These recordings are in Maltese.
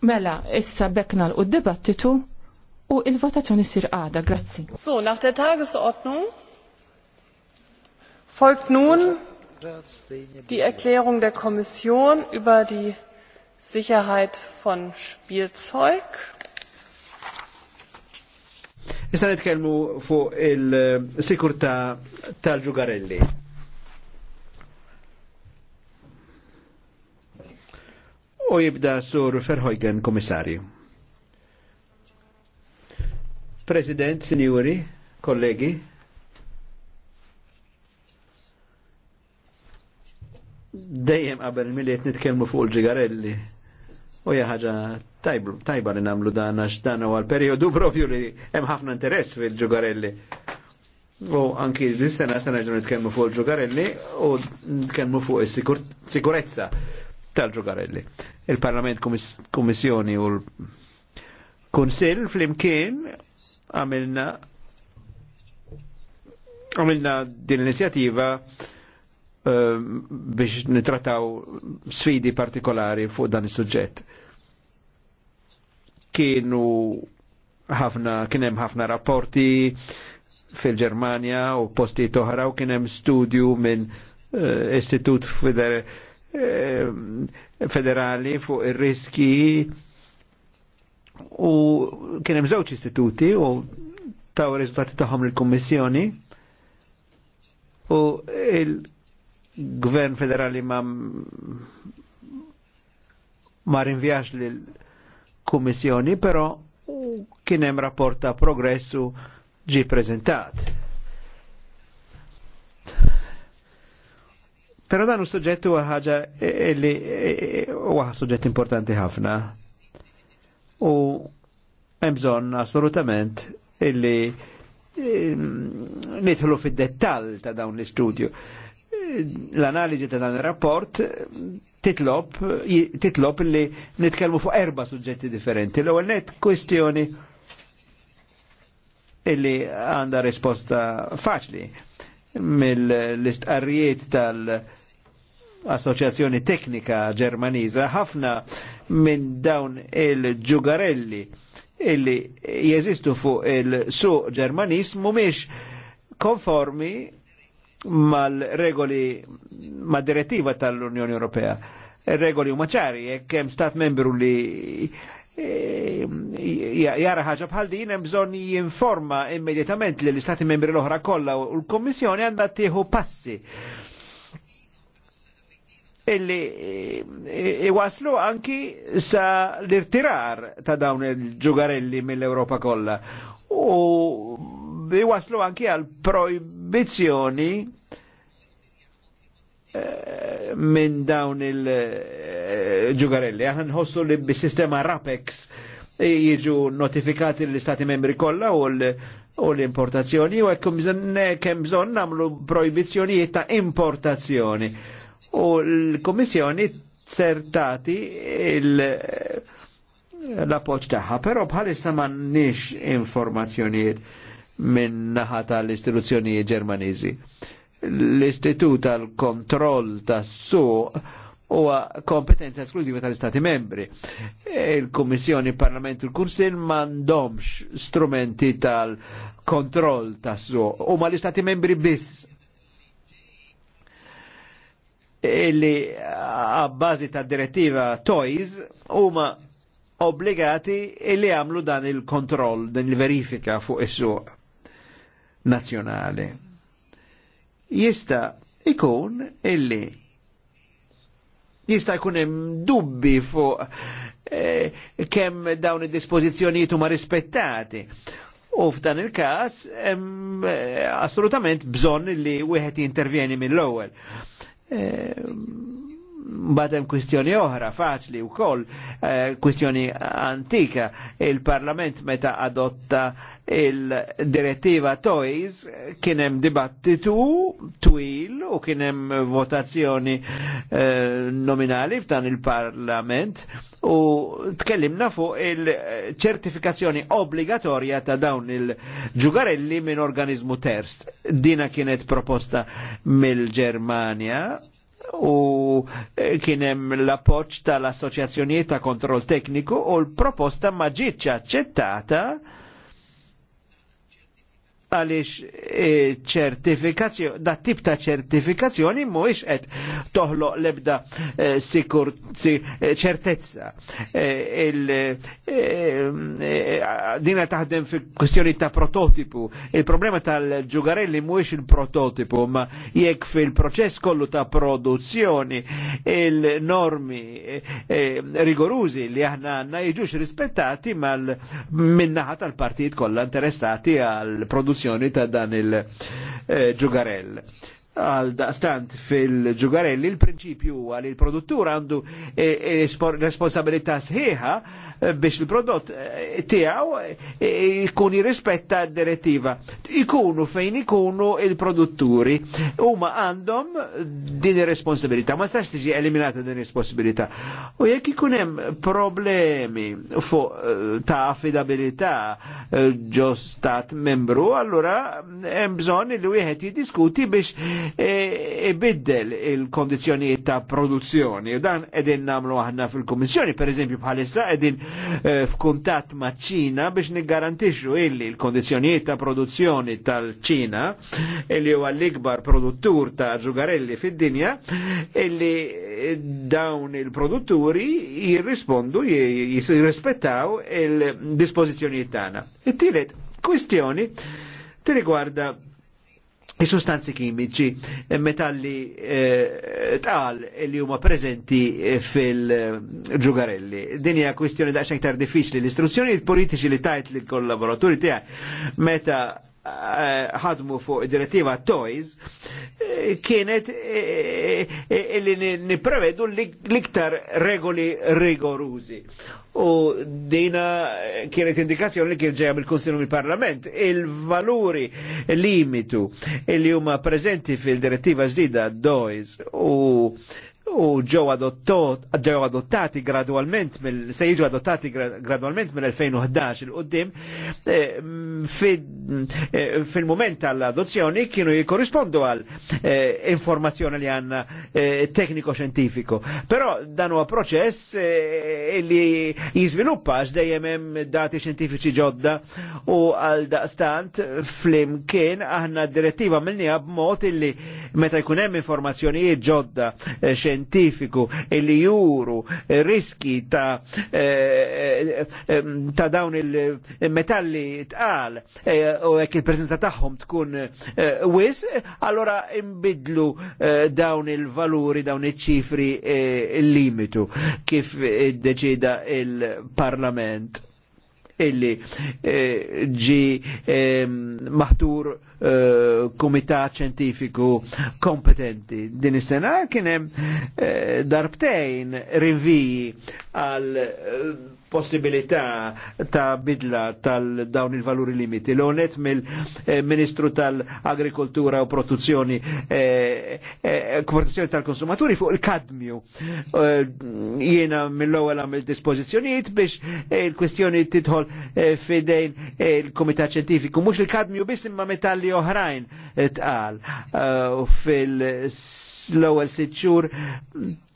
Mela, issa bekna l-dibattitu u il-votazzjoni sir għada, grazzi. So, nach der Tagesordnung folgt nun die Erklärung der Kommission über die Sicherheit von Spielzeug. Issa nitkelmu fuq il-sikurta tal-ġugarelli. u jibda sur Ferhojgen komissarju. President, signori, kollegi, dejjem qabel miliet nitkellmu fuq il-ġigarelli u hija ħaġa tajba li nagħmlu dan għax dan huwa l-perjodu propju li hemm ħafna interess fil-ġugarelli. U anki dis-sena se nerġgħu nitkellmu fuq il-ġugarelli u nitkellmu fuq is-sikurezza tal-ġugarelli. Il-Parlament Kummissjoni u l-Kunsil fl-imkien għamilna għamilna din l-inizjativa eh, biex nitrataw sfidi partikolari fuq dan is-suġġett. Kienu ħafna, kienem ħafna rapporti, fil-Germania u posti toħra u kienem studju minn uh, Istitut Feder Eh, federali fuq ir-riski u kien hemm żewġ istituti u taw riżultati tagħhom lill-Kummissjoni u il-Gvern federali ma ma rinvjax lill-Kummissjoni, però kien hemm rapport ta' progressu ġi preżentat Pero dan u suġġett huwa ħaġa e, e, li huwa e, suġġett importanti ħafna. U hemm bżonn assolutament illi ehm, nidħlu fid-dettall ta' dawn l-istudju. L-analiżi ta' dan ir-rapport titlob titlob illi nitkellmu fuq erba' suġġetti differenti. L-ewwel net kwestjoni illi għandha risposta faċli mill-istqarrijiet tal- Assoċjazzjoni Teknika Ġermaniża ħafna minn dawn il-ġugarelli illi jeżistu fuq il-suq Ġermaniż mhumiex konformi mal-regoli ma' direttiva tal-Unjoni Ewropea. Regoli huma ċari, jekk hemm stat membru li Eh, jara ħaġa bħal din hemm bżonn jinforma immedjatament li l istati membri l-oħra kollha u l-Kommissjoni għandha tieħu passi illi eh, iwaslu anki sa l-irtirar ta' dawn il-ġugarelli mill-Europa kollha u iwaslu anki għal proibizzjoni Eh, minn dawn il-ġugarelli. Eh, Aħna nħossu li bis-sistema RAPEX jiġu notifikati l-Istati membri kollha u l-importazzjoni u hekk kem bżonn nagħmlu proibizjoni ta' importazzjoni. U l-Kummissjoni certati l-appoġġ tagħha, però bħalissa m'għandniex informazzjonijiet minn naħata l istituzzjoni Ġermaniżi l-istitut tal-kontroll tas-suq huwa kompetenza esklużiva tal-Istati membri. Il-Kummissjoni, il-Parlament il l-Kunsil m'għandhomx strumenti tal-kontroll tas-suq, huma l-Istati membri biss illi għabbażi ta' direttiva TOYS huma obbligati illi għamlu dan il-kontroll, dan il-verifika fuq is-suq nazzjonali jista' ikun illi jista' jkun hemm dubbi fuq eh, kemm dawn id-dispożizzjonijiet huma rispettati. U f'dan il-każ hemm eh, assolutament bżonn li wieħed jintervjeni mill-ewwel. Eh, Batem kwistjoni oħra, faċli u koll, eh, kwistjoni antika, il-Parlament meta adotta il-direttiva Toys kienem dibattitu twil u kienem votazzjoni eh, nominali f'dan il-Parlament u tkellimna fuq il-ċertifikazzjoni obbligatorja ta' dawn il-ġugarelli minn organizmu terst. Dina kienet proposta mill-Germania u e, kienem l-appoċ tal-Assoċjazzjonijiet ta' Kontroll Tekniku u l-proposta ma ġietx aċċettata għaliex e, ċertifikazzjoni, da tip ta' ċertifikazzjoni mhuwiex qed toħloq l-ebda e, e, ċertezza. Dina taħdem fi kwestjoni ta' prototipu. Il-problema tal-ġugarelli mhuwiex il-prototipu, ma jekk fil-proċess kollu ta' produzzjoni il-normi rigorużi li aħna għanna jiġux rispettati mal tal-partijiet kollha interessati għal produzzjoni l-espulsjoni ta' dan il-ġugarell. Eh, għal daqstant fil-ġugarelli il-prinċipju għal il-produttur għandu eh, eh, responsabilità sħiħa biex il-prodott tiegħu jkun jirrispetta d-direttiva. Ikunu fejn ikunu il-produtturi huma għandhom din ir-responsabilità, ma sax tiġi eliminata din ir-responsabilità. U jekk ikun hemm problemi fuq eh, ta' affidabilità eh, ġo stat membru, allura hemm bżonn li wieħed jiddiskuti biex eh, ibiddel il-kondizzjonijiet ta' produzzjoni. U dan edin namlu aħna fil-Kommissjoni, per eżempju bħalissa edin Eh, f'kuntatt ma' ċina biex niggarantixxu illi l-kondizzjonijiet ta' produzzjoni tal-ċina illi huwa l-ikbar produttur ta' ġugarelli fid-dinja illi eh, dawn il-produtturi jirrispondu jirrispettaw il-dispożizzjonijiet tagħna. It-tielet kwistjoni riguarda i-sustanzi kimiċi eh, metalli eh, tqal li huma prezenti eh, fil-ġugarelli. Din hija kwistjoni daqsxejn iktar diffiċli. L-istruzzjonijiet politiċi li tajt li kollaboraturi tiegħek meta ħadmu fuq direttiva Toys kienet eh, eh, eh, li niprevedu l-iktar regoli rigorużi. U dina kienet indikazzjoni li kien ġeja mill konsilju mill-Parlament. Il-valuri limitu li huma prezenti fil-direttiva ġdida Toys u u ġew ġew adottati gradualment mill se jiġu adottati gradualment mill-2011 il qudiem eh, eh, fil-moment tal-adozzjoni kienu jikorrispondu għal eh, informazzjoni li għanna tekniko xjentifiku. Però dan huwa proċess li jiżviluppa għax dejjem hemm dati xjentifiċi ġodda u għal daqstant flimkien aħna direttiva mill minnija b'mod illi meta jkun hemm informazzjonijiet ġodda xjentifiċi xjentifiku li juru riski ta' eh, eh, eh, ta' dawn il-metalli tqal u jekk il-preżenza tagħhom tkun wis, allora imbidlu dawn il-valuri, dawn iċ-ċifri il limitu kif deċida il-Parlament illi ġi maħtur Komitat eh, kumitat ċentifiku kompetenti. Din is-sena kien hemm eh, darbtejn rinviji għal eh, possibilità ta' bidla tal-dawn il-valuri limiti. L-onet mill-Ministru tal-Agrikoltura u Produzzjoni eh, tal-Konsumaturi fuq il-kadmju. Jiena mill-ewwel għamil dispożizzjonijiet biex il kwistjoni titħol fidejn il kumitat Ċentifiku. Mhux il-kadmju biss imma metalli affarijiet oħrajn tqal uh, fil-ewwel sitt xhur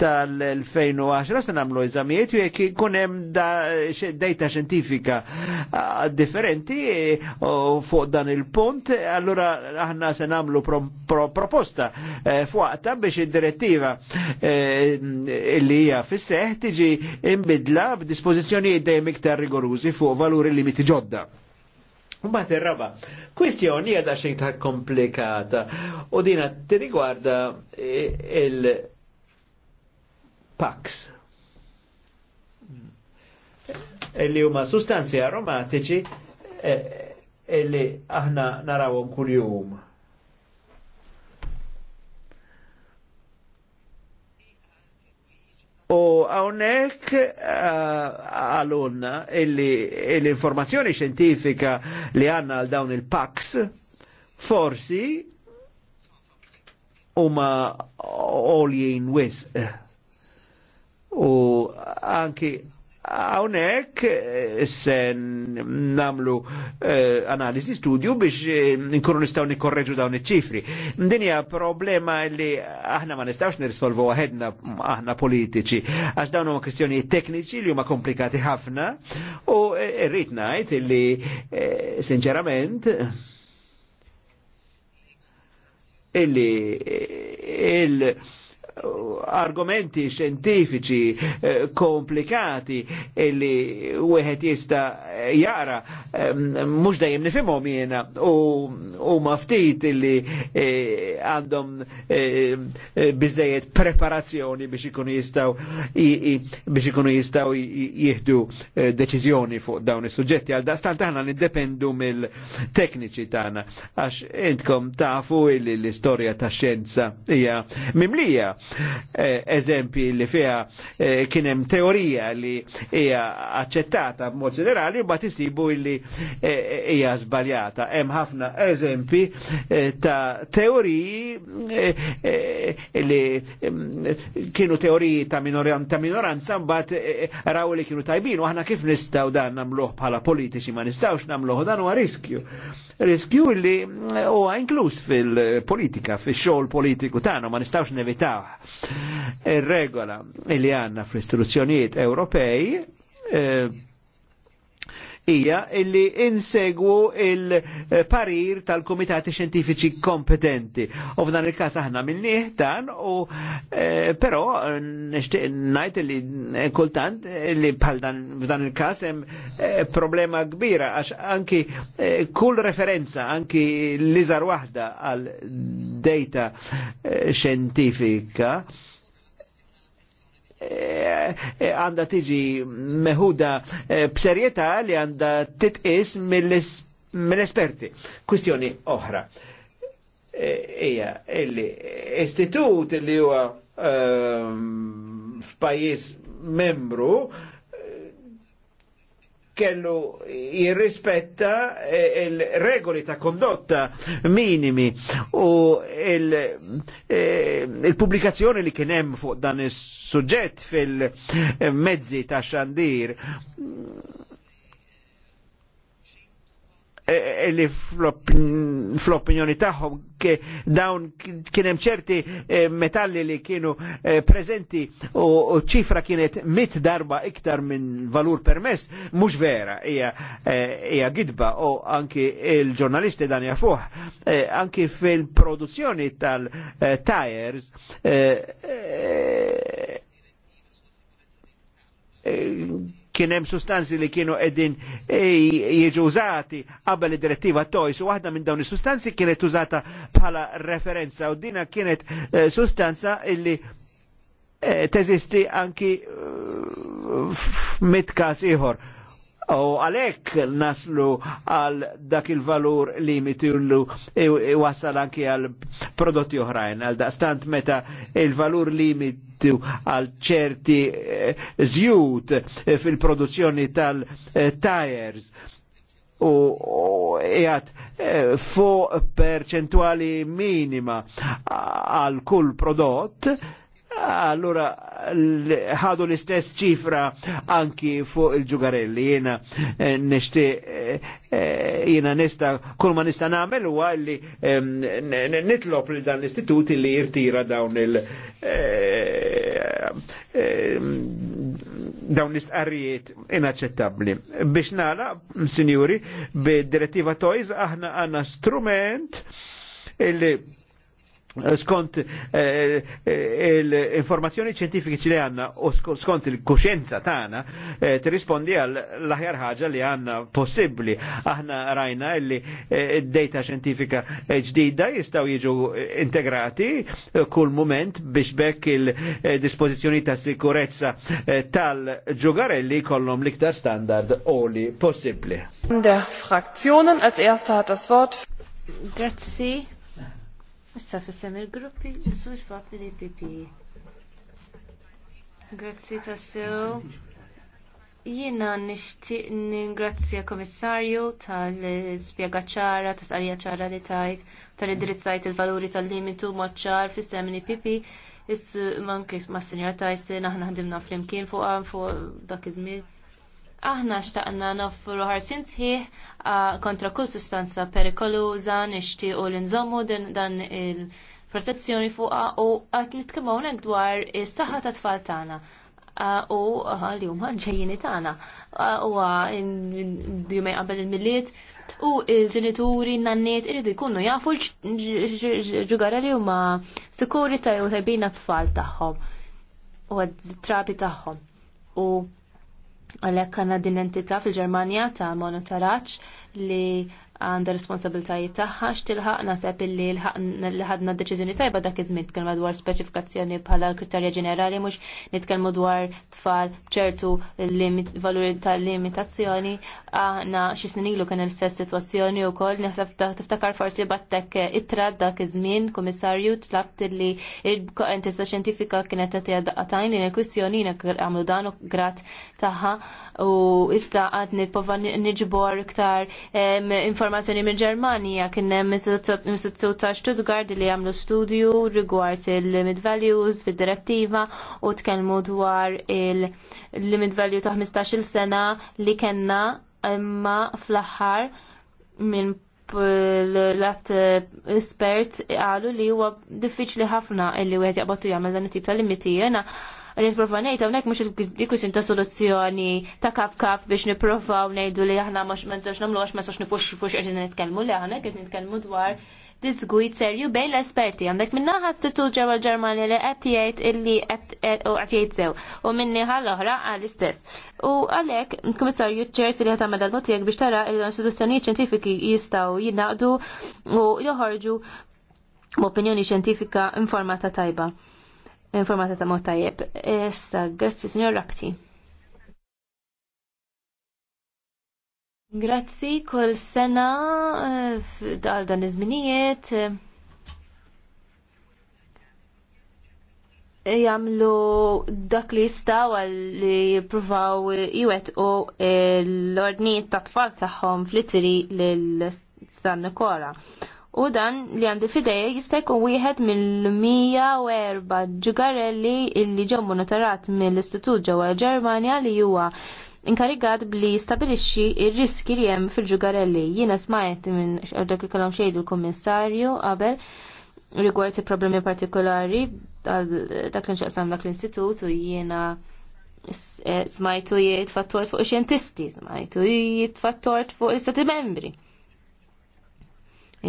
tal-2010 se nagħmlu eżamijiet u jekk ikun hemm data xjentifika uh, differenti uh, fuq dan il-punt, allura aħna se nagħmlu proposta fuqta biex id-direttiva li hija fis-seħ tiġi imbidla b'dispożizzjonijiet dejjem iktar rigorużi fuq valuri limiti ġodda. Mbagħad ir-raba. kwestjoni hija xejn ta' komplikata u dina tirrigwarda e, il-pax. Illi e, huma sustanzi aromatiċi illi e, aħna narawhom kuljum. U għawnek eh, għalunna l-informazzjoni xentifika li għanna għal dawn il-PAX forsi huma oljien wisq. U anki għonek eh, sen namlu uh, analisi studju biex eh, nkunu nistgħu nikkorreġu dawn iċ-ċifri. Din problema li aħna ma nistawx nirsolvu għahedna aħna politiċi għax dawn huma kwistjonijiet tekniċi li huma komplikati ħafna u rrit ngħid li eh, sinċerament illi il argumenti xjentifiċi eh, komplikati illi wieħed jista jara eh, mhux dajem nifhimhom jiena u maftit illi eh, għandhom biżejjed preparazzjoni biex ikunu jistgħu biex ikunu jistgħu jieħdu deċiżjoni fuq dawn is-suġġetti għal daqstant aħna nindependu mill-tekniċi tagħna għax intkom tafu illi l-istorja tax-xjenza hija mimlija Eh, eżempi li fija eh, kienem teorija li hija accettata b'mod ġenerali u bat isibu li eh, hija sbaljata. Hemm ħafna eżempi ta' teoriji li mm, kienu teoriji ta' minoranza mbagħad raw li kienu tajbin u aħna kif nistgħu dan nagħmluh bħala politiċi ma nistgħux nagħmluh dan huwa riskju. Riskju li mm, huwa inkluż fil-politika, fix-xogħol politiku tagħna ma nistgħux nevitaw il e regola li għanna fl istruzzjonijiet Ewropej eh, hija illi insegwu il-parir tal-komitati xjentifiċi kompetenti. U f'dan il-każ aħna minnih dan u eh, però nixtieq ngħid li kultant li bħal dan f'dan il-każ hemm eh, problema kbira għax anki kull referenza anki l-iżar waħda għal data eh, xentifika eh, eh, għanda tiġi meħuda b'serjetà li għanda titqis mill-esperti. Kwistjoni oħra. Ija, illi istitut li huwa ehm, f'pajjiż membru kellu jirrispetta eh, il-regoli ta' kondotta minimi u il-pubblikazzjoni il eh, li kienem fuq dan is-suġġett fil-mezzi ta' xandir E, e, li fl-opinjoni tagħhom dawn kien hemm ċerti e, metalli li kienu preżenti u ċifra kienet mit darba iktar minn valur permess mhux vera hija gidba u anki il-ġurnalisti dan jafuh anki fil-produzzjoni tal-tires kien hemm sustanzi li kienu qegħdin jiġu użati qabel id-direttiva tojs u waħda minn dawn is-sustanzi kienet użata bħala referenza u dina kienet eh, sustanza illi eh, teżisti anki eh, mitkas ieħor. U għalek naslu għal dak il-valur limiti ullu e-, e-, wassal anki għal prodotti oħrajn, għal daqstant meta il-valur limiti jittu għal ċerti zjut eh, eh, fil-produzzjoni tal-tires u jgħat eh, fuq perċentuali minima għal kull prodott Ah, allora, ħadu l-istess ċifra anki fuq il-ġugarelli. Jena eh, nishti, eh, eh, jena nista, kull ma nista namel u għalli nitlop li dan l-istituti li jirtira dawn il- dawn l-istqarrijiet inaċċettabli. Biex nala, sinjuri, bid-direttiva Toys aħna għanna strument illi Eh, skont eh, eh, l-informazzjoni ċentifiċi li għanna u skont il-kuxenza tagħna eh, tirrispondi għal l-aħjar ħaġa li għanna possibli. Aħna rajna illi eh, data ċentifika ġdida jistaw jiġu integrati kull moment biex bekk il-dispożizzjoni ta' sikurezza tal-ġugarelli kollhom l-iktar standard li possibli. Der Fraktionen als erster hat das Wort. Grazie Issa fissem il-gruppi, jissu xbab li pipi. Grazzi tassew. Jina nishtiq ningrazzja komissarju tal-spiega ċara, tas-qarija ċara li tajt, tal-idrizzajt il-valuri tal-limitu maċċar fissem semni pipi. Issu mankis ma' senjor Tyson, aħna ħdimna fl-imkien fuq fuq dak iż-żmien Aħna xtaqna noffru ħarsin sħiħ kontra kull sustanza perikoluża nixtiequ l nżommu dan il-protezzjoni fuqha u għat nitkimaw hawnhekk dwar is-saħħa ta' tfal tagħna u li huma ġejjini tagħna huwa jumej qabel il-milliet u il-ġenituri nanniet iridu jkunu jafu l-ġugara li huma sikuri ta' u tfal tagħhom u trabi tagħhom. U Għalhekk għandna din entità fil-Ġermanja ta' monitoraġġ li għandha responsabiltajiet tagħha x'tilħaq naħseb illi li ħadna deċiżjoni tajba dak iż-żmien tkellma dwar speċifikazzjoni bħala kriterja ġenerali mhux nitkellmu dwar tfal b'ċertu valuri tal-limitazzjoni aħna xi snin ilu kien l-istess sitwazzjoni wkoll naħseb tiftakar forsi battek ittra dak iż-żmien kummissarju tlabt illi l-entità xjentifika kienet qed daqatajn li l-kwistjoni għamlu dan u grat tagħha u issa għad nipprova niġbor iktar informazzjoni informazzjoni mill Germania kien hemm istitut ta' Stuttgart li għamlu studju rigward il-limit values fid-direttiva u tkellmu dwar il-limit value ta' 15-il sena li kellna imma fl-aħħar minn l-att espert għalu li huwa diffiċli ħafna illi wieħed jaqbatu jagħmel dan it-tip ta' limiti. Jena Għalli t nejta, unnek mux dikku dikusin ta' soluzzjoni ta' kaf kaf biex u nejdu li aħna mux menzax namlu għax menzax nifux fux għedin nitkelmu li aħna għed nitkelmu dwar disgwit serju bejn l-esperti. Għandek minna ħastitu ġewa ġermani li qed jgħid illi qed jgħid sew u minni ħall-oħra għall-istess. U għalhekk il-Kummissarju ċert li ħatamel dal tiegħek biex tara l-istituzzjonijiet ċentifiki jistgħu jinaqdu u joħorġu b'opinjoni xjentifika informata tajba informata ta' mod tajjeb. Issa, grazzi, signor Rapti. Grazzi, kol sena eh, dal dan iż-żminijiet eh, jagħmlu dak li jistgħu li jippruvaw jwettqu l-ordnijiet tat-tfal tagħhom fl lill lil San u dan li għandi fideja jista' jkun wieħed mill-104 ġigarelli illi ġew monitorat mill-Istitut ġewwa Ġermanja li huwa inkarigat bli stabilixxi ir-riski li hemm fil-ġugarelli. Jiena smajt minn dak li kellhom xejdu l-Kummissarju qabel rigward problemi partikolari dak li nxaqsam dak l-istitut u jiena eh, smajtu jitfattort fuq xjentisti, smajtu jitfattort fuq istati membri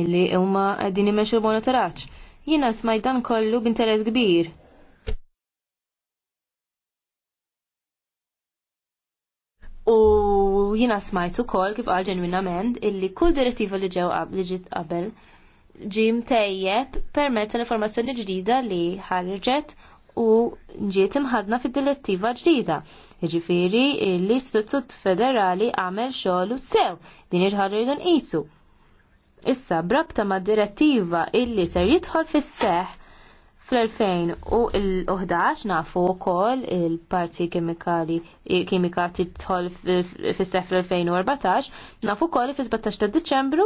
illi huma qegħdin imexxu monitoraġġ. Jiena smajt dan kollu b'interess kbir. U jiena smajt ukoll kif qal ġenwinament illi kull direttiva li ġew li ġiet qabel ġim tejjeb permezz l-informazzjoni ġdida li ħarġet u ġiet imħadna fid-direttiva ġdida. Jiġifieri l-Istitut Federali għamel xogħol sew din iġħallu jridu nqisu Issa, brabta ma' direttiva illi ser jidħol fis seħ fl-2011 nafu wkoll il-parti kimikali kimika tidħol fis seħħ fl-2014 nafu kol fis-17 ta' Diċembru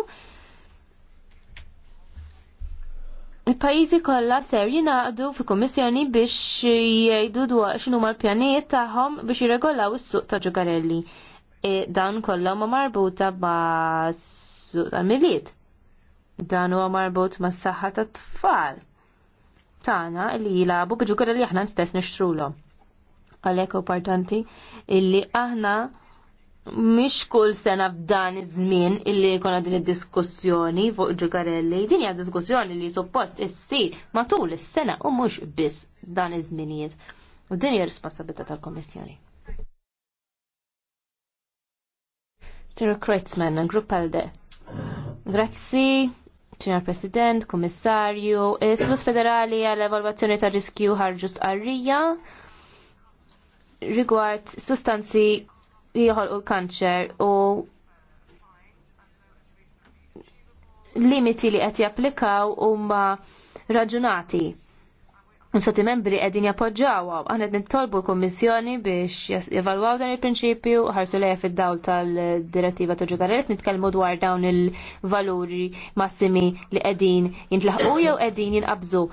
Il-pajizi kollha ser jingħaqdu fi kommissjoni biex jgħidu dwar x'inhu l-pjanijiet tagħhom biex jirregolaw is-suq ta' ġugarelli. E dan kollha ma marbuta ma' suq tal-miliet. Dan huwa marbut mas saħħa tat-tfal tagħna li jilabu biġu li aħna stess nixtrulhom. Għalhekk importanti illi aħna Mhix kull sena f'dan iż-żmien illi jkollna din id-diskussjoni fuq ġukarelli. din hija diskussjoni li suppost issir matul is-sena u mhux biss dan iż-żminijiet. U din hija responsabilità tal kummissjoni Sir Kreutzmann, Grupp de. Grazzi. Signor President, Komissarju, Istitut Federali għall evalwazzjoni ta' riskju ħarġu stqarrija rigward sustanzi li u l-kanċer u limiti li qed japplikaw huma raġunati Un-sati membri għedin jappoġġawa, għanet nittolbu l-Kommissjoni biex jevalwaw dan il-prinċipju, ħarsu leja fil-dawl tal-direttiva ta' ġugaret, nitkellmu dwar dawn il-valuri massimi li għedin jintlaħqu jew għedin jinqabżu.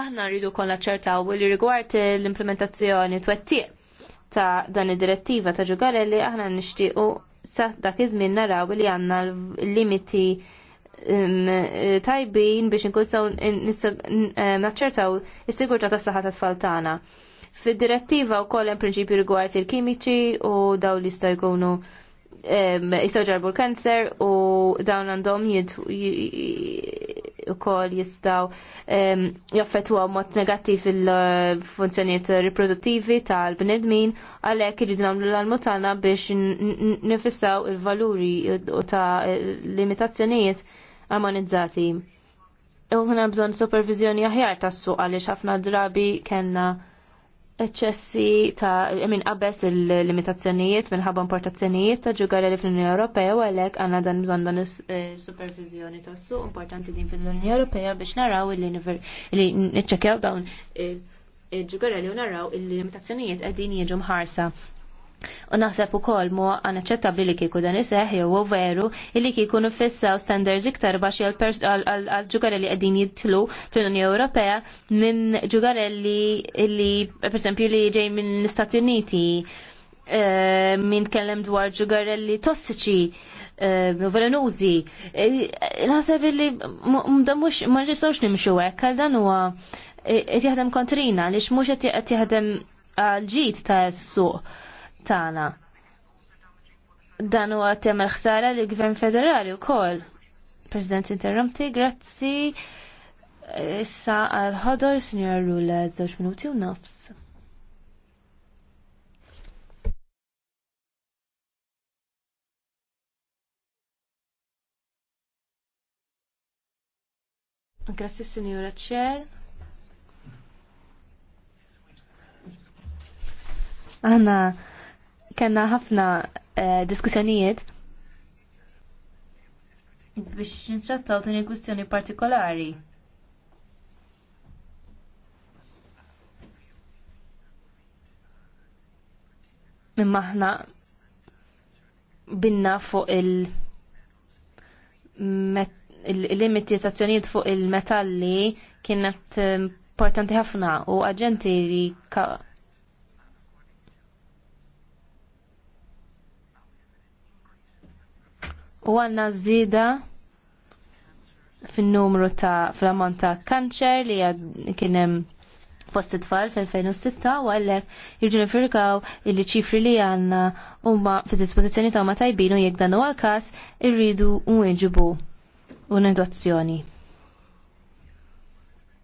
Aħna rridu kolla ċertaw li rigward l-implementazzjoni twettiq ta' dan id-direttiva ta' ġugarelli aħna nishtiqu sa' dak iż-żmien naraw li għanna l-limiti Um, tajbin biex nkunsaw um, naċċertaw is-sigurtà tas-saħħa tat-tfal tagħna. Fid-direttiva wkoll hemm prinċipju rigward il-kimiċi u dawn li jista' jkunu um, jistgħu ġarbu l-kanser u dawn għandhom ukoll jistgħu jaffettwaw mod negattiv il-funzjonijiet riproduttivi tal-bnedmin għalhekk irridu nagħmlu l-almutana biex nifissaw il-valuri u ta' limitazzjonijiet armonizzati. U ħna bżon supervizjoni aħjar tas-suq għaliex ħafna drabi kellna eċċessi ta' minn qabess il-limitazzjonijiet minħabba importazzjonijiet ta' ġugarelli fl-Unjoni Ewropea u għalhekk għandna dan bżonn dan is-supervizjoni eh, tas-suq importanti din fl-Unjoni Ewropea biex naraw il li niċċekkjaw dawn il-ġugarelli u naraw il-limitazzjonijiet qegħdin jiġu mħarsa. U naħseb ukoll mu anaċċettabbli li kieku dan iseħħ jew veru li kieku nifissaw standards iktar baxi għal ġugarelli qegħdin jitlu fl-Unjoni Ewropea minn ġugarelli li esempio, li ġej minn Stati Uniti eh, minn kellem dwar ġugarelli tossiċi eh, velenużi. Eh, naħseb li mdamux ma nistgħux nimxu hekk għal dan huwa qed jaħdem kontrina li x'mhux qed jaħdem għal ġid ta' suq tagħna. Dan huwa temel ħsara li gvern federali wkoll. President interromti, grazzi. Issa għal ħodor Sinjor Rulla, żewġ minuti u nofs. Grazzi Signora Cher. Anna kena ħafna eh, diskussjonijiet biex nċattaw din il-kwistjoni partikolari. Imma aħna binna fuq il- il-limiti tazzjonijiet fuq il-metalli kienet eh, importanti ħafna u aġenti li u għanna zida fin-numru ta' fl-ammont ta' kanċer li kien hemm fost it-tfal fil-2006 u għallek il li ċifri li għanna umma fil-dispozizjoni ta' ma tajbinu jek dan u għal-kas irridu unweġibu un edwazzjoni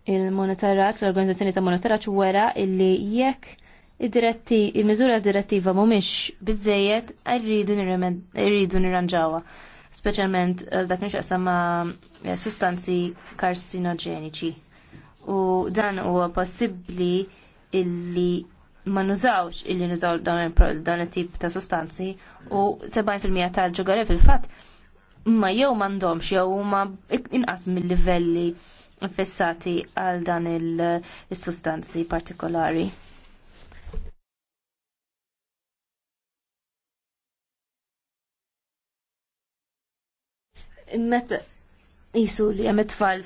Il-monitoraċ, l-organizzazzjoni ta' monetarat wera illi jekk il-diretti, il-mizura direttiva mumiex bizzejiet, irridu nirranġawa speċjalment eh, dak nix ma' eh, sustanzi karsinogeniċi. U dan huwa possibbli illi ma nużawx illi nużaw dawn il-tip ta' sostanzi u 70% tal-ġogare fil-fatt ma jew m'għandhomx jew ma inqas mill-livelli fissati għal dan il-sustanzi partikolari. immet jisu li għem tfal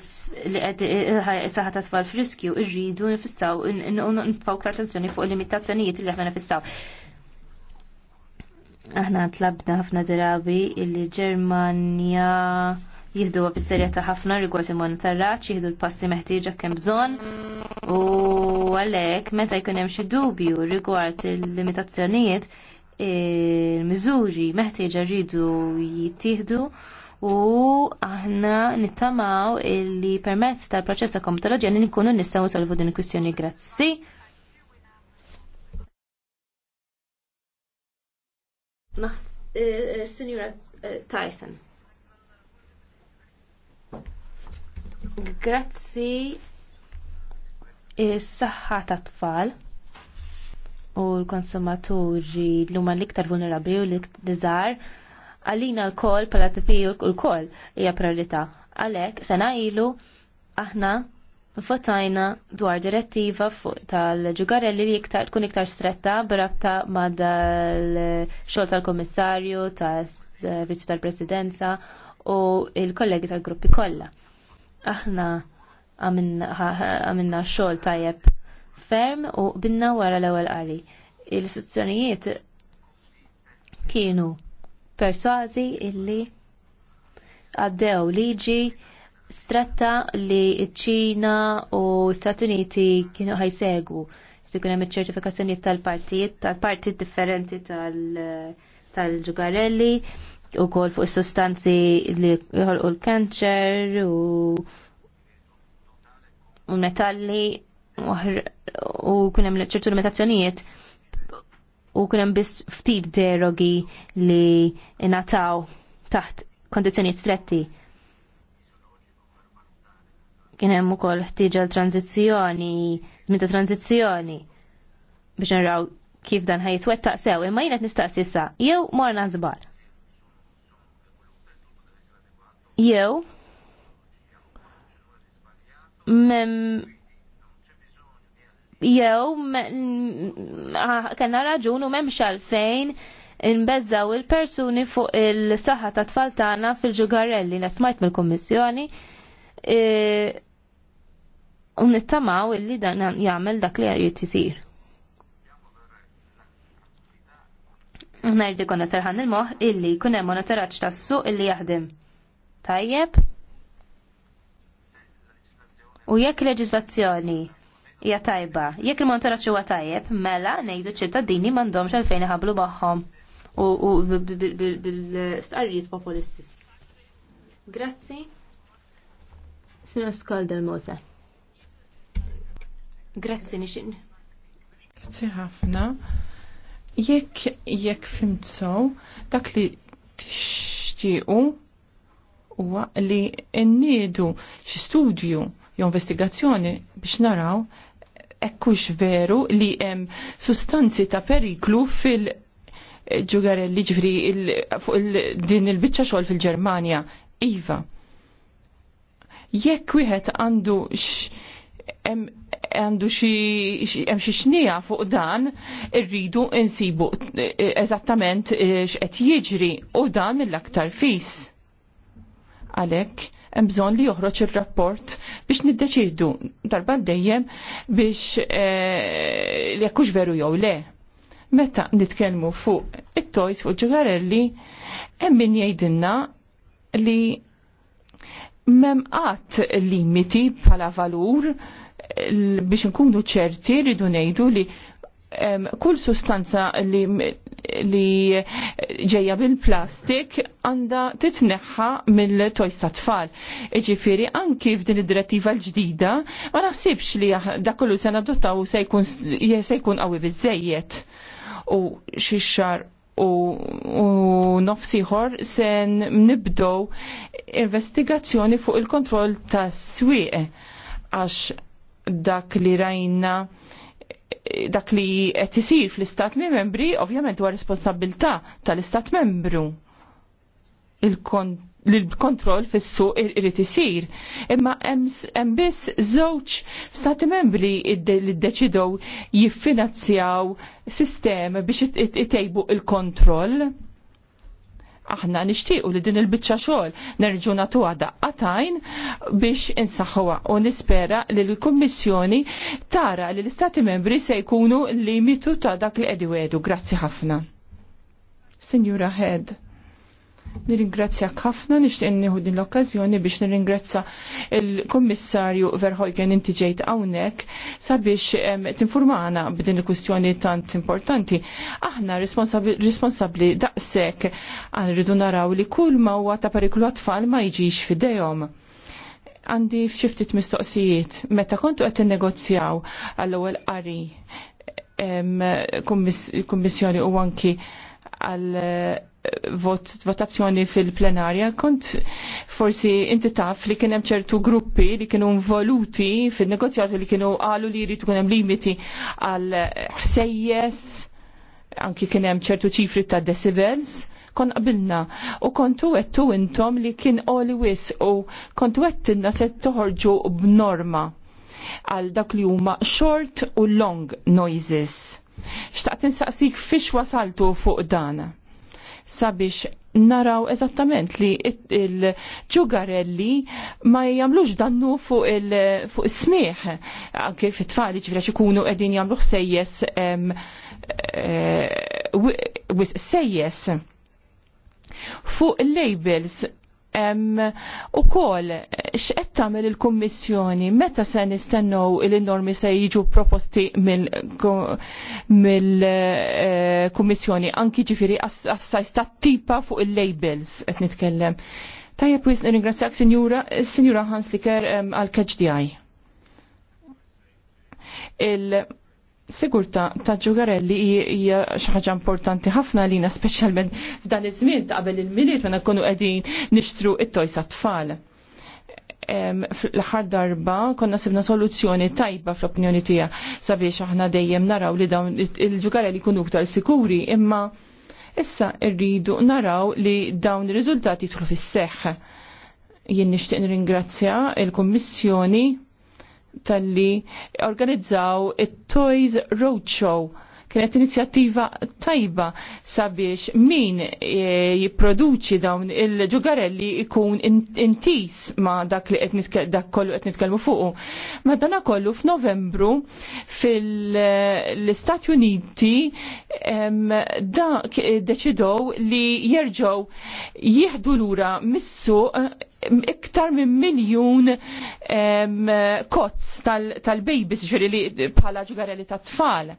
li għed saħat tfal friskju irridu nifissaw, nfaw ktar attenzjoni fuq limitazzjonijiet li għahna nifissaw. Aħna tlabna ħafna drabi illi Ġermanja jihdu għab serjeta ħafna rigward il-monitoraċ, jihdu l-passi meħtieġa kemm bżon u għalek meta jkun hemm xi dubju rigward il-limitazzjonijiet il-miżuri meħtieġa rridu jittieħdu u aħna nittamaw illi permezz tal-proċess ta' komitoloġija nkunu nistgħu nsolvu din il-kwistjoni. Grazzi. Eh, eh, Signora eh, Tyson. Grazzi is-saħħa tat-tfal u l-konsumaturi l-huma l-iktar vulnerabli u l-iktar għalina l-kol pala PP u l-kol hija priorità. Għalek, sena ilu aħna votajna dwar direttiva tal-ġugarelli li iktar tkun iktar stretta b'rabta ma' dal-xogħol tal-Komissarju, tal Vici tal-Presidenza u il-kollegi tal-gruppi kollha. Aħna għamilna xogħol tajjeb ferm u binna wara l-ewwel qari. Il-istituzzjonijiet kienu Persważi illi għaddew liġi stretta li ċina u Stati Uniti kienu ħajsegu. Tikun hemm iċ-ċertifikazzjoni tal-partijiet, tal-partijiet differenti tal-ġugarelli, u kol fuq is-sustanzi li jħolqu l-kanċer u metalli u kunem ċertu limitazzjonijiet u kunem biss ftit derogi li nataw taħt kondizjoni stretti. Kien hemm ukoll ħtieġa l-tranzizzjoni, żmien ta' biex nraw kif dan ħajtwettaq sew, imma jien qed nistaqsi s'issa. jew morna żbar. Jew mem jew kena raġun u memx għalfejn nbezzaw il-persuni fuq il-saħħa ta' tfal tagħna fil-ġugarelli nasmajt mill-Kummissjoni e, u nittamaw illi dan jagħmel dak li jrid isir. Nerdi konna serħan il-moħ illi kunem monitoraċ tassu illi jaħdem. Tajjeb? U jekk il-leġislazzjoni. Ja tajba. Jekk il tara huwa tajjeb, mela ngħidu ċittadini m'għandhomx għalfejn iħablu magħhom u bil-stqarrijiet populisti. Grazzi. Sinur Skolder Mose. Grazzi nixin. Grazzi ħafna. Jekk jekk fimtsow dak li tixtiequ huwa li nniedu xi studju jew investigazzjoni biex naraw ekkux veru li hemm sustanzi ta' periklu fil- ġugarelli ġifri fuq din il-bicċa xogħol fil-Ġermanja. Iva. Jekk wieħed għandu għandu xi xnija fuq dan irridu insibu e, e, eżattament e, x'qed jiġri u dan mill-aktar fis. Għalhekk hemm bżonn li joħroġ ir-rapport biex niddeċidu darba dejjem biex eh, li jekkux veru jew le. Meta nitkellmu fuq it-tojt fuq ġugarelli, hemm min jgħidilna li memqat limiti bħala valur biex nkunu ċerti rridu ngħidu li kull sustanza li li ġeja bil-plastik għanda titneħħa mill-tojs ta' tfal. Iġifiri, anki f'din id-direttiva l-ġdida, ma naħsibx li dakollu se nadottaw se jkun qawwi bizzejiet U xi xar u, u nofsiħor sen nibdow investigazzjoni fuq il-kontroll tas swieq għax dak li rajna dak li qed isir fl-istat membri ovvjament huwa responsabilità tal-istat membru il-kontroll fis-suq irid isir. Imma hemm biss żewġ stati membri li ddeċidew jiffinanzjaw sistemi biex itejbu il-kontroll aħna nixtiequ li din il-biċċa xogħol nerġu nagħtuha daqqatajn biex insaħħuha u nispera li l-Kummissjoni tara li l-Istati membri se jkunu limitu ta' dak li wedu. Grazzi ħafna. Signora Head. Nirringrazzjak ħafna nixtieq nieħu din l-okkażjoni biex nirringrazza il-Kummissarju Verhoeven inti ġejt hawnhekk sabiex tinfurmana b'din il-kwistjoni tant importanti. Aħna responsabbli daqshekk għal rridu naraw li kull ma huwa ta' periklu tfal ma jiġix f'idejhom għandi fxiftit mistoqsijiet. Meta kontu qed negozjaw għall-ewwel qari kummissjoni u anki għall- vot, votazzjoni fil-plenarja, kont forsi inti taf li kienem ċertu gruppi li kienu involuti fil-negozjati li kienu għalu li jritu kienem limiti għal ħsejjes, anki kienem ċertu ċifri ta' decibels kon qabilna u kontu għettu intom li kien għoli wis u kontu għettinna se toħorġu b'norma għal dak li huma short u long noises. Xtaqt insaqsik fiex wasaltu fuq dan sabiex naraw eżattament li il-ġugarelli ma jamlux dannu fuq il-smieħ, anke fit-tfali ġifra ikunu edin jamlu sejjes sejjes. Fuq labels u kol x'qed tagħmel il-Kummissjoni meta se nistennew il-normi se jiġu proposti mill-Kummissjoni eh, anki ġifieri assajs tat-tipa fuq il-labels qed nitkellem. Tajjeb wis nirringrazzjak Sinjura Hans Liker għal-KHDI sigurta ta' ġugarelli hija xi ħaġa importanti ħafna lina speċjalment f'dan iż-żmien ta' qabel il-miliet meta nkunu qegħdin nixtru it-tojs tfal. L-aħħar darba konna sibna soluzzjoni tajba fl-opinjoni tija sabiex aħna dejjem naraw li dawn il-ġugarelli jkunu ktar sikuri imma issa rridu naraw li dawn ir-riżultati jidħlu fis-seħħ. Jien nixtieq nirringrazzja il-Kummissjoni tal-li organizzaw it-Toys Roadshow. Kienet inizjattiva tajba sabiex min e, jipproduċi dawn il-ġugarelli ikun intis ma dak li dak kollu qed nitkellmu fuqu. Ma dana kollu f'Novembru fil-Istati Uniti da deċidow li jerġgħu jieħdu lura mis-suq iktar minn miljun kotz tal-babies tal li bħala ġgarelli ta' tfal.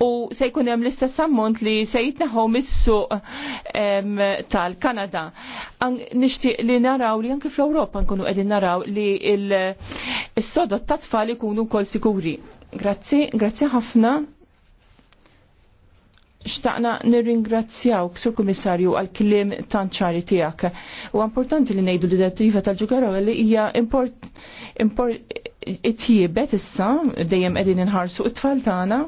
U se jkun hemm l-istess ammont li se jitneħħu mis-suq tal-Kanada. Nixtieq li naraw li anke fl-Ewropa nkunu qegħdin naraw li s-sodot ta' tfal ikunu wkoll sikuri. Grazzi, grazzi ħafna xtaqna nirringrazzjaw sur kummissarju għal kliem tan-ċari tijak. U importanti li nejdu li direttiva tal ġukarro li hija import, import it-tjibet issa, dejjem edin inħarsu it-tfal tagħna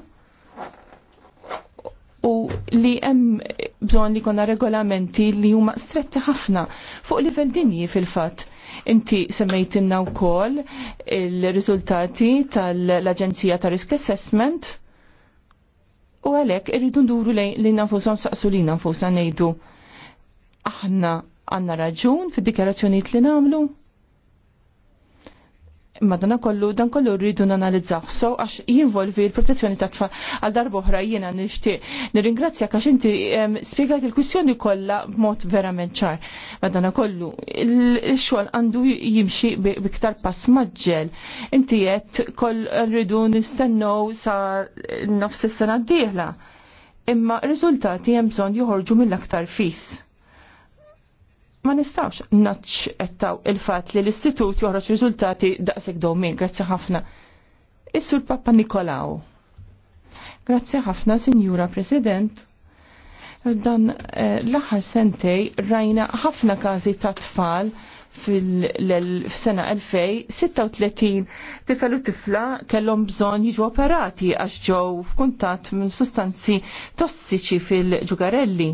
u li hemm bżonn li konna regolamenti li huma stretti ħafna fuq livell dinji fil-fatt. Inti semmejtinna wkoll il-riżultati tal-Aġenzija ta' Risk Assessment U għalek irridu nduru lejn nafusan saqsu li nafusan nejdu. Aħna għanna raġun fid dikarazzjoniet li namlu? dan kollu dan kollu rridu nanalizzaw so għax jinvolvi l-protezzjoni ta' tfal għal darboħra jiena nixtieq nirringrazzja għax inti spjegajt il-kwistjoni kollha b'mod verament ċar. dan kollu l xogħol għandu jimxi biktar pass maġġel. Inti qed koll rridu nistennew sa nofs is-sena d-dieħla. Imma r-riżultati hemm bżonn joħorġu mill-aktar fis ma nistawx ettaw il-fat li l-istitut joħroġ riżultati daqsik domin, grazzi ħafna. Is-sur Papa Nikolaw. Grazzi ħafna, Sinjura President. Dan eh, l-aħħar sentej rajna ħafna każi ta' tfal fil-sena 2036 tifel u tifla kellhom bżonn jiġu operati għax ġew f'kuntatt minn sustanzi tossiċi fil-ġugarelli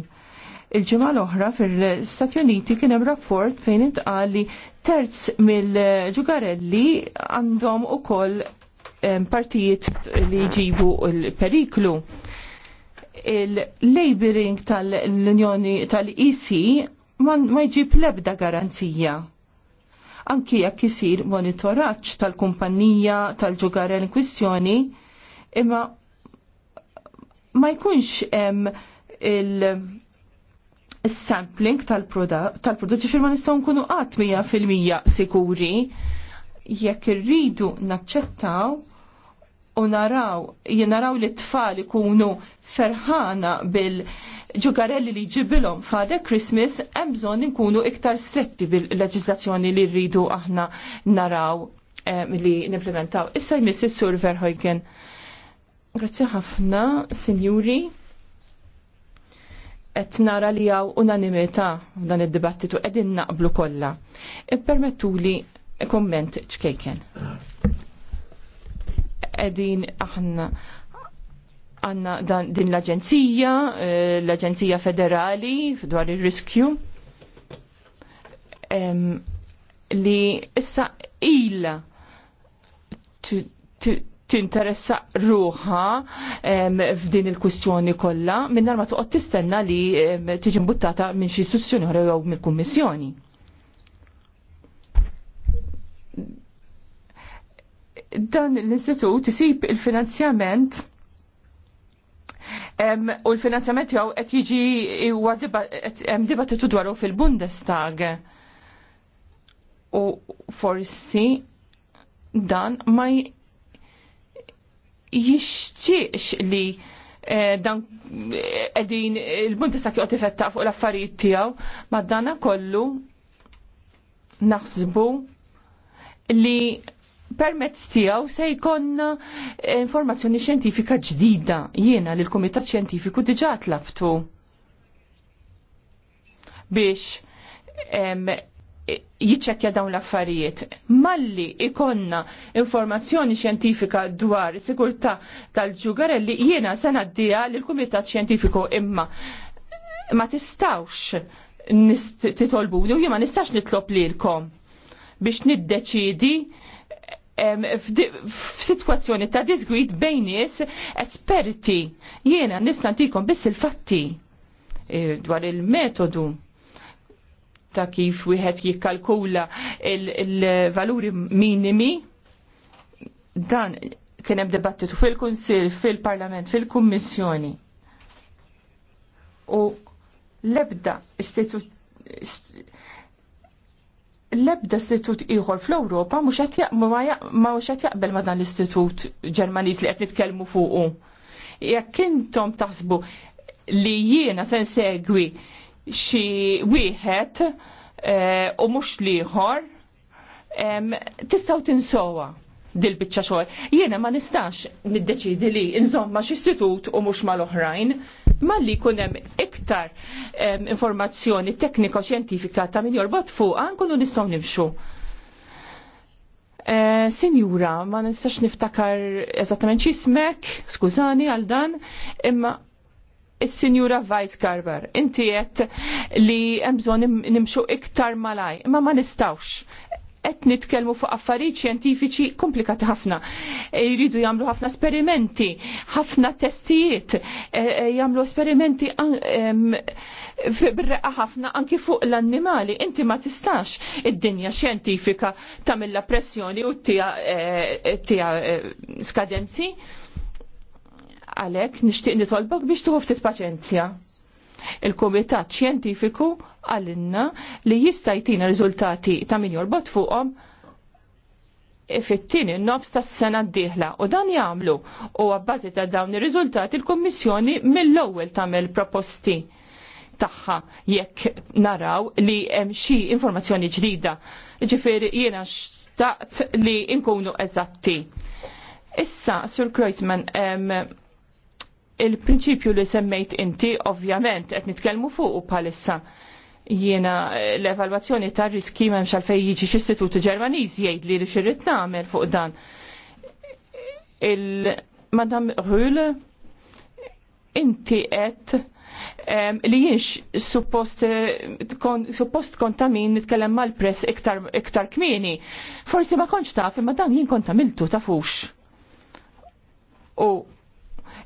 il-ġimgħa l-oħra fil-Stati Uniti kien hemm rapport fejn intqal li terz mill-ġugarelli għandhom ukoll partijiet li jġibu l-periklu. Il-labeling tal-Unjoni tal-EC ma jġib lebda garanzija anki jekk isir monitoraġġ tal-kumpanija tal ġugarelli kwistjoni, imma ma jkunx hemm il- sampling tal-prodotti firma nistgħu nkunu qatt 100% sikuri jekk irridu naċċettaw u naraw jenaraw li t-tfal ikunu ferħana bil-ġugarelli li ġibilhom fada Christmas hemm bżonn inkunu iktar stretti bil-leġiżlazzjoni li rridu aħna naraw eh, li nimplementaw. Issa jmiss is-Sur Verhoeken. Grazzi ħafna, Sinjuri qed nara li hawn unanimità dan id-dibattitu qegħdin naqblu kollha. li komment ċkejken. Qegħdin aħna għanna din l-Aġenzija, eh, l-Aġenzija Federali dwar ir-riskju li issa il tinteressa ruħa f'din il-kwistjoni kollha minnar ma toqgħod tistenna li tiġi mbuttata minn xi istituzzjoni oħra jew mill-kummissjoni. Dan l-istitut isib il-finanzjament u l-finanzjament jew qed jiġi huwa hemm dibattitu dwaru fil-Bundestag. U forsi dan ma jixtieqx li eh, dan edin eh, il-Bundestag joqgħod ifettaq fuq l-affarijiet tiegħu, ma dana kollu naħsbu li permezz tiegħu se jkollna eh, informazzjoni xjentifika ġdida jiena li l-Kumitat Xjentifiku diġà tlabtu biex jiċċekkja dawn l-affarijiet. Malli ikonna informazzjoni xjentifika dwar sigurtà tal-ġugarelli jiena se ngħaddiha lill-Kumitat Xjentifiku imma ma tistawx titolbu u jien ma nistax nitlob lilkom biex niddeċidi f'sitwazzjoni ta' disgwid bejn nies esperti. Jiena nista' ntikom biss il-fatti eh, dwar il-metodu ta' kif wieħed jikkalkula il-valuri minimi dan kien hemm dibattitu fil-Kunsill, fil-Parlament, fil-Kummissjoni. U l-ebda istitut l-ebda istitut ieħor fl-Ewropa mhux qed ma qed jaqbel ma dan l-istitut Ġermaniż li qed nitkellmu fuqu. Jekk intom taħsbu li jiena se nsegwi xi wieħed eh, u mhux liħor tistgħu tinsowa dil biċċa xogħol. Jiena ma nistax niddeċidi li nżomma x-istitut u mhux mal-oħrajn, ma li jkun hemm iktar informazzjoni teknika u xjentifika ta' min jorbot fuq nkunu nistgħu nimxu. Eh, sinjura, ma nistax niftakar eżattament x'ismek, skużani għal dan, imma Is-Sinjura Vice Garber, inti qed li hemm bżonn nimxu iktar malaj, imma ma nistawx qed nitkellmu fuq affarijiet xjentifiċi komplikati ħafna. Jridu jagħmlu ħafna esperimenti, ħafna testijiet, e, e, jagħmlu esperimenti bir-reqqa ħafna anki fuq l-annimali. Inti ma tistax id-dinja xjentifika tagħmilha pressjoni u tija e, skadenzi. Għalhekk nixtieq nitolbok biex tieħu ftit paċenzja. Il-Kumitat Xjentifiku għalinna li jista' jtina riżultati ta' min jorbot fuqhom fit-tieni nofs tas-sena d-dieħla u dan jagħmlu u għabbażi ta' dawn ir-riżultati l-Kummissjoni mill-ewwel tagħmel proposti tagħha jekk naraw li hemm xi informazzjoni ġdida. Ġifieri jiena xtaqt li nkunu eżatti. Issa, Sur Kreutzmann, il-prinċipju li semmejt inti ovvjament qed nitkellmu fuq palissa jiena l-evalwazzjoni ta' riski m'hemmx għalfejn jiġi xi istituti Ġermaniż jgħid li xirrid nagħmel fuq dan. Il-Madam Rull, inti qed li jiex suppost, kon, suppost kontamin nitkellem mal-press iktar, iktar kmini. Forsi ma konċ taf imma dan jien kontamiltu tafux. U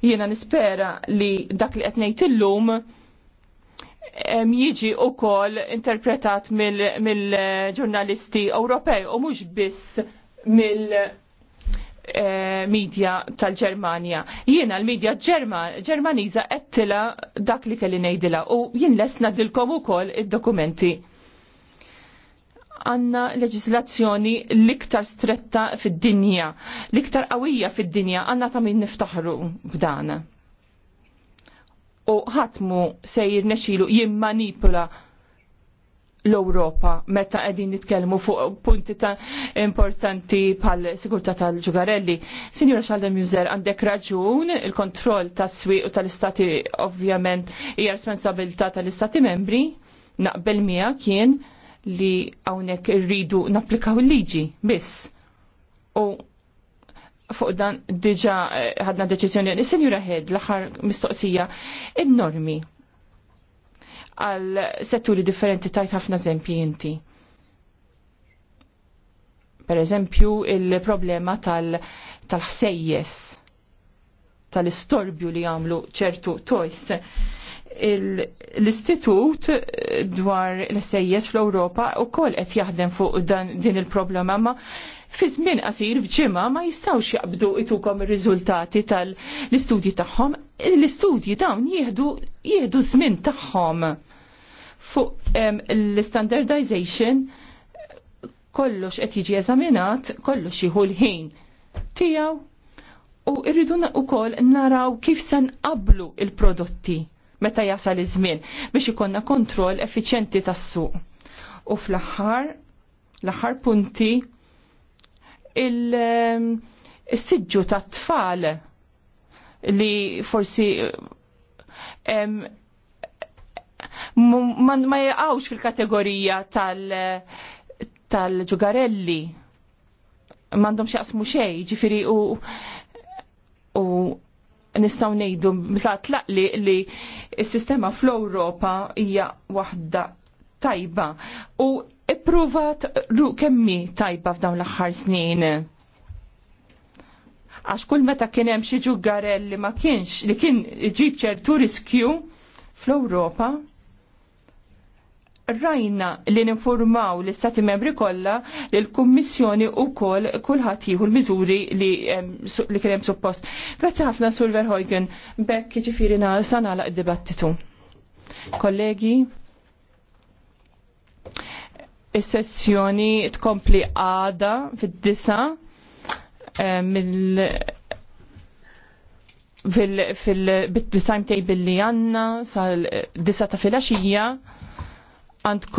Jiena nispera li dak li qed ngħid illum jiġi u kol interpretat mill-ġurnalisti mil Ewropej u mhux biss mill- e, media tal-Ġermanja. Jiena l-medja Ġermaniża qed tila dak li kelli ngħidilha u jien lesna nadilkom ukoll id-dokumenti għanna leġislazzjoni l-iktar stretta fid-dinja, l-iktar qawija fid-dinja, għanna ta' min niftaħru b'dan. U ħatmu sejr nexilu jimmanipula l-Europa meta qegħdin nitkellmu fuq punti ta' importanti pal sigurtà tal-ġugarelli. Signora Xalda Juser għandek raġun, il-kontroll tas-swieq u tal-istati ovvjament hija responsabilità tal-istati membri, naqbel mija kien li hawnhekk irridu napplikaw il-liġi biss. U fuq dan diġa eh, ħadna deċiżjoni is-Sinjura Head l-aħħar mistoqsija il normi għal setturi differenti tajt ħafna eżempji inti. Per eżempju, il-problema tal-ħsejjes, tal tal-istorbju li għamlu ċertu tojs l-istitut eh, dwar l-SIS fl-Europa u koll qed jaħdem fuq dan din il-problema ma fi żmien qasir f'ġimgħa ma jistgħux jaqbdu itukom ir-riżultati tal-istudji tagħhom. L-istudji dawn jieħdu jieħdu żmien tagħhom fuq l-standardization kollox qed jiġi eżaminat, kollox jieħu l-ħin tiegħu u rridu ukoll naraw kif se nqablu il-prodotti meta jasal iż-żmien biex ikonna kontroll effiċjenti tas-suq. U fl-aħħar, l-aħħar punti il-siġġu ehm, tat-tfal li forsi em, ma, ma jaqawx fil-kategorija tal-ġugarelli. Tal Mandom xaqsmu xej, ġifiri u nistaw nejdu tlaq li li s-sistema fl-Europa hija waħda tajba u ippruvat ru kemmi tajba f'dawn l-aħħar snin. Għax kull meta kien hemm xi ġugarell li ma kienx li kien ġib ċertu riskju fl-Ewropa rajna li ninformaw l-Istati membri kollha li l-Kummissjoni wkoll kulħadd jieħu l-miżuri li li kien hemm suppost. Grazzi ħafna Sur Verhoegen bekk ġifieri sa nagħlaq id-dibattitu. Kollegi, is-sessjoni tkompli għada fid-disa mill fil-time table li għanna sal-disa ta' filaxija għandkom